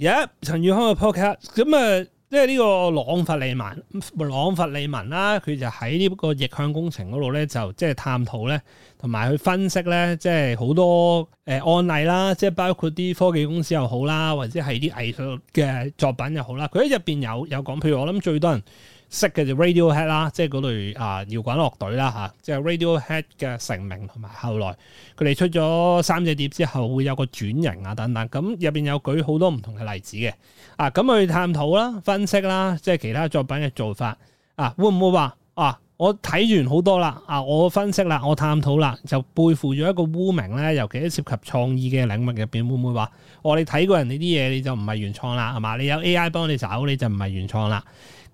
有一、yeah, 陳宇康嘅 podcast，咁、嗯、啊，即係呢個朗法利文，朗法利文啦，佢就喺呢個逆向工程嗰度咧，就即係探討咧，同埋去分析咧，即係好多誒案例啦，即係包括啲科技公司又好啦，或者係啲藝術嘅作品又好啦，佢喺入邊有有講，譬如我諗最多人識嘅就 Radiohead 啦，即係嗰類啊搖滾樂隊啦嚇，即係 Radiohead 嘅成名同埋後來佢哋出咗三隻碟之後會有個轉型啊等等，咁入邊有舉好多唔同嘅例子嘅啊，咁去探討啦、分析啦，即係其他作品嘅做法啊，會唔會話啊？我睇完好多啦啊，我分析啦，我探討啦，就背負咗一個污名咧，尤其喺涉及創意嘅領域入邊，會唔會話我、啊、你睇過人呢啲嘢你就唔係原創啦係嘛？你有 AI 幫你找你就唔係原創啦？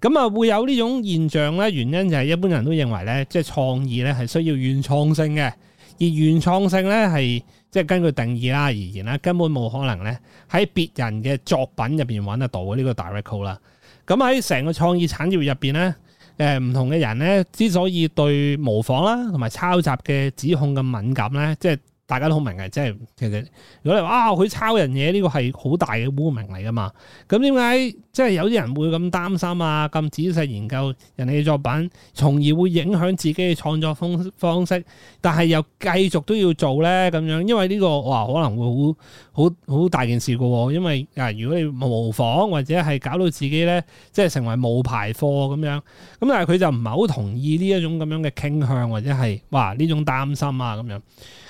咁啊，會有呢種現象咧，原因就係一般人都認為咧，即係創意咧係需要原創性嘅，而原創性咧係即係根據定義啦而言咧，根本冇可能咧喺別人嘅作品入邊揾得到呢個 direct call 啦。咁喺成個創意產業入邊咧，誒、呃、唔同嘅人咧之所以對模仿啦同埋抄襲嘅指控咁敏感咧，即係。大家都好明嘅，即係其實如果你話啊，佢抄人嘢呢個係好大嘅污名嚟噶嘛。咁點解即係有啲人會咁擔心啊，咁仔細研究人哋嘅作品，從而會影響自己嘅創作方方式，但係又繼續都要做咧咁樣，因為呢個哇可能會好好好大件事噶喎、啊。因為啊，如果你模仿或者係搞到自己咧，即係成為冒牌貨咁樣，咁但係佢就唔係好同意呢一種咁樣嘅傾向，或者係哇呢種擔心啊咁樣。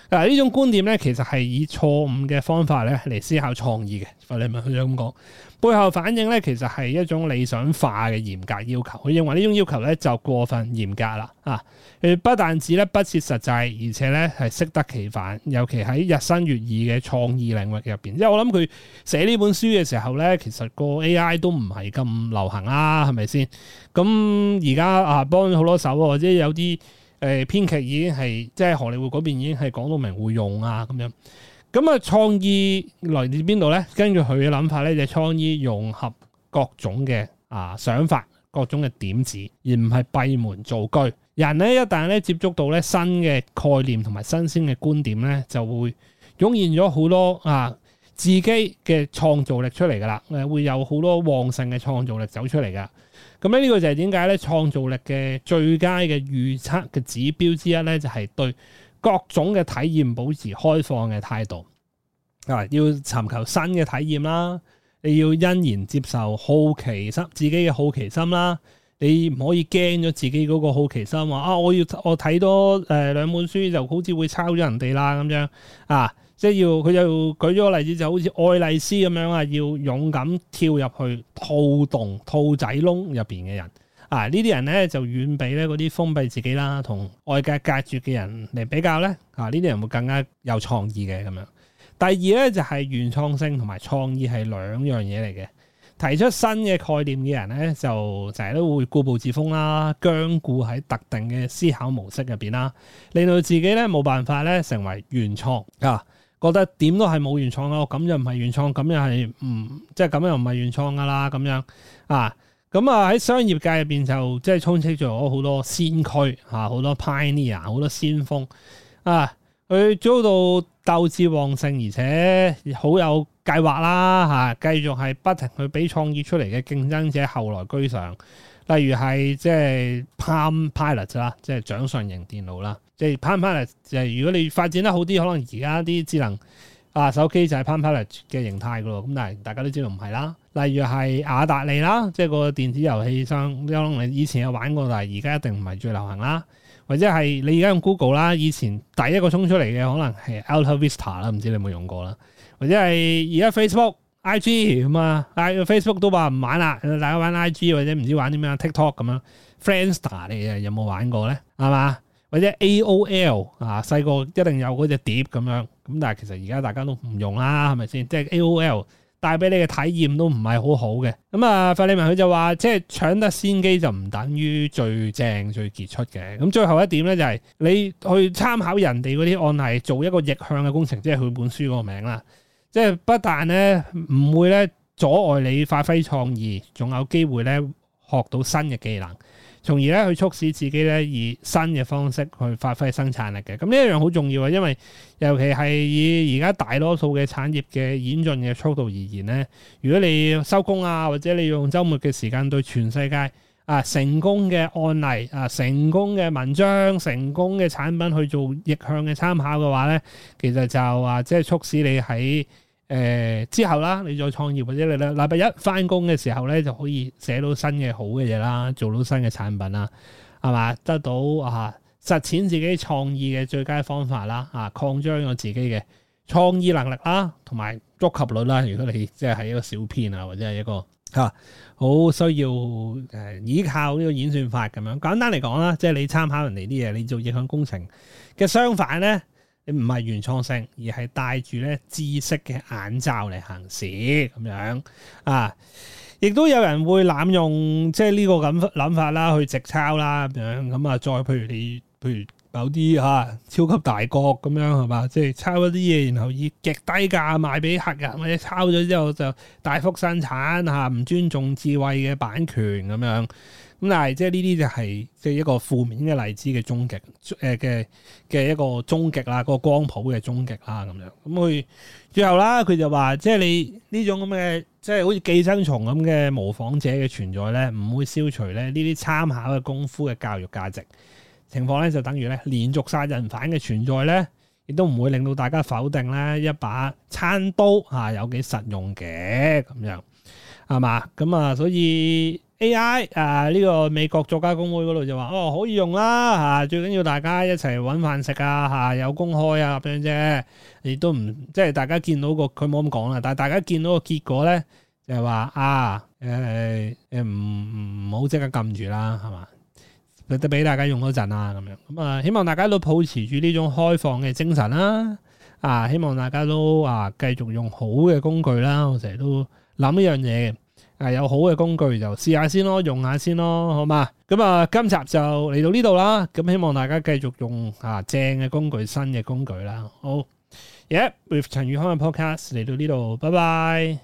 嗱呢種觀點咧，其實係以錯誤嘅方法咧嚟思考創意嘅。弗里曼佢咁講，背後反映咧，其實係一種理想化嘅嚴格要求。佢認為呢種要求咧就過分嚴格啦，啊，佢不但止咧不切實際，而且咧係適得其反。尤其喺日新月異嘅創意領域入邊，即係我諗佢寫呢本書嘅時候咧，其實個 A I 都唔係咁流行啦，係咪先？咁而家啊，幫咗好多手，或者有啲。誒、呃、編劇已經係即係荷里活嗰邊已經係講到明會用啊咁樣，咁啊創意來自邊度咧？跟住佢嘅諗法咧就係、創意融合各種嘅啊想法，各種嘅點子，而唔係閉門造車。人咧一旦咧接觸到咧新嘅概念同埋新鮮嘅觀點咧，就會湧現咗好多啊！自己嘅創造力出嚟㗎喇，誒會有好多旺盛嘅創造力走出嚟㗎。咁咧呢個就係點解咧？創造力嘅最佳嘅預測嘅指標之一咧，就係對各種嘅體驗保持開放嘅態度。啊，要尋求新嘅體驗啦，你要欣然接受好奇心，自己嘅好奇心啦。你唔可以驚咗自己嗰個好奇心，話啊我要我睇多誒兩本書，就好似會抄咗人哋啦咁樣啊！即係要佢就舉咗個例子，就好似愛麗絲咁樣啊，要勇敢跳入去兔洞、兔仔窿入邊嘅人啊！人呢啲人咧就遠比咧嗰啲封閉自己啦、同外界隔絕嘅人嚟比較咧啊！呢啲人會更加有創意嘅咁樣。第二咧就係、是、原創性同埋創意係兩樣嘢嚟嘅。提出新嘅概念嘅人咧，就成日都會固步自封啦，僵固喺特定嘅思考模式入邊啦，令到自己咧冇辦法咧成為原創啊，覺得點都係冇原創啊，咁又唔係原創，咁又係唔即係咁又唔係原創噶啦咁樣啊，咁啊喺商業界入邊就即係充斥咗好多先驅吓，好多 pioneer，好多先鋒啊，佢遭到鬥志旺盛，而且好有，計劃啦嚇、啊，繼續係不停去俾創意出嚟嘅競爭者後來居上。例如係即係 Palm Pilot 啦，即係掌上型電腦啦。即係 Palm Pilot，就係如果你發展得好啲，可能而家啲智能啊手機就係 Palm Pilot 嘅形態噶咯。咁但係大家都知道唔係啦。例如係亞達利啦，即係個電子遊戲商，因為你以前有玩過，但係而家一定唔係最流行啦。或者係你而家用 Google 啦，以前第一個衝出嚟嘅可能係 AltaVista 啦，唔知你有冇用過啦？或者係而家 Facebook、IG 咁啊，Facebook 都話唔玩啦，大家玩 IG 或者唔知玩啲咩啊，TikTok 咁啊 Friendster 你有冇玩過咧？係嘛？或者 AOL 啊，細個一定有嗰隻碟咁樣，咁但係其實而家大家都唔用啦，係咪先？即係 AOL。帶俾你嘅體驗都唔係好好嘅，咁、嗯、啊，法利文佢就話即係搶得先機就唔等於最正最傑出嘅，咁、嗯、最後一點咧就係、是、你去參考人哋嗰啲案例做一個逆向嘅工程，即係佢本書嗰個名啦，即係不但咧唔會咧阻礙你發揮創意，仲有機會咧學到新嘅技能。從而咧，去促使自己咧以新嘅方式去發揮生產力嘅。咁呢一樣好重要啊，因為尤其係以而家大多數嘅產業嘅演進嘅速度而言咧，如果你收工啊，或者你用週末嘅時間對全世界啊成功嘅案例啊，成功嘅文章、成功嘅產品去做逆向嘅參考嘅話咧，其實就啊，即係促使你喺。誒之後啦，你再創業或者你咧，禮拜一返工嘅時候咧，就可以寫到新嘅好嘅嘢啦，做到新嘅產品啦，係嘛？得到啊實踐自己創意嘅最佳方法啦，啊擴張我自己嘅創意能力啦，同、啊、埋觸及率啦。如果你即係係一個小編啊，或者係一個吓好、啊、需要誒、呃、依靠呢個演算法咁樣簡單嚟講啦，即、就、係、是、你參考人哋啲嘢，你做影響工程嘅相反咧。唔係原創性，而係戴住咧知識嘅眼罩嚟行事咁樣啊！亦都有人會濫用，即係呢個諗諗法啦，去直抄啦咁樣。咁啊，再譬如你，譬如某啲嚇超級大國咁樣係嘛，即係、就是、抄一啲嘢，然後以極低價賣俾客人，或者抄咗之後就大幅生產嚇，唔、啊、尊重智慧嘅版權咁樣。咁但係即係呢啲就係即係一個負面嘅例子嘅終極，誒嘅嘅一個終極啦，個光譜嘅終極啦咁樣。咁佢最後啦，佢就話即係你呢種咁嘅，即係好似寄生蟲咁嘅模仿者嘅存在咧，唔會消除咧呢啲參考嘅功夫嘅教育價值。情況咧就等於咧連續殺人犯嘅存在咧，亦都唔會令到大家否定咧一把餐刀吓有幾實用嘅咁樣，係嘛？咁啊，所以。A.I. 啊，呢、這個美國作家工會嗰度就話哦，可以用啦嚇、啊，最緊要大家一齊揾飯食啊嚇、啊，有工開啊咁樣啫。亦都唔即係大家見到個佢冇咁講啦，但係大家見到個結果咧，就係、是、話啊誒誒唔唔唔好即刻撳住啦，係嘛？得俾大家用一陣啊咁樣。咁啊，希望大家都保持住呢種開放嘅精神啦。啊，希望大家都啊繼、啊啊、續用好嘅工具啦。我成日都諗一樣嘢。啊有好嘅工具就試下先咯，用下先咯，好嘛？咁啊，今集就嚟到呢度啦，咁希望大家繼續用啊正嘅工具、新嘅工具啦。好，Yep, with 陳宇康嘅 Podcast 嚟到呢度，拜拜。